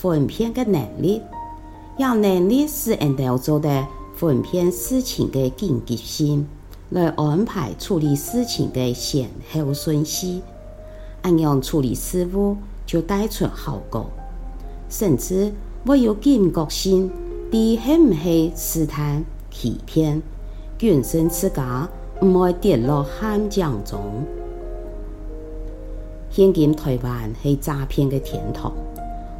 分辨的能力，要能力是按照做的分辨事情的堅決性，來安排處理事情的先後順序，按樣處理事物就帶出效果。甚至我要警覺性，睇係唔係試探欺騙，堅信自家唔會跌落陷阱中。現今台灣係詐騙的天堂。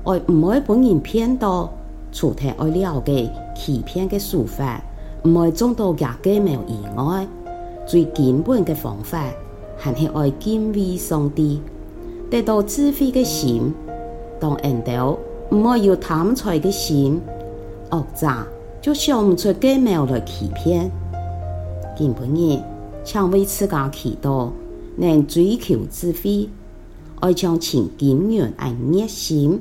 愛唔會本人騙到，除掉愛了解欺騙的手法，唔會中到假嘅苗以外，最根本的方法還係愛敬畏上帝，得到智慧嘅心。當然就唔愛要貪財嘅心，惡詐就想唔出假苗的欺騙。根本嘅常為自家祈禱，能追求智慧，愛將錢、電源愛熱心。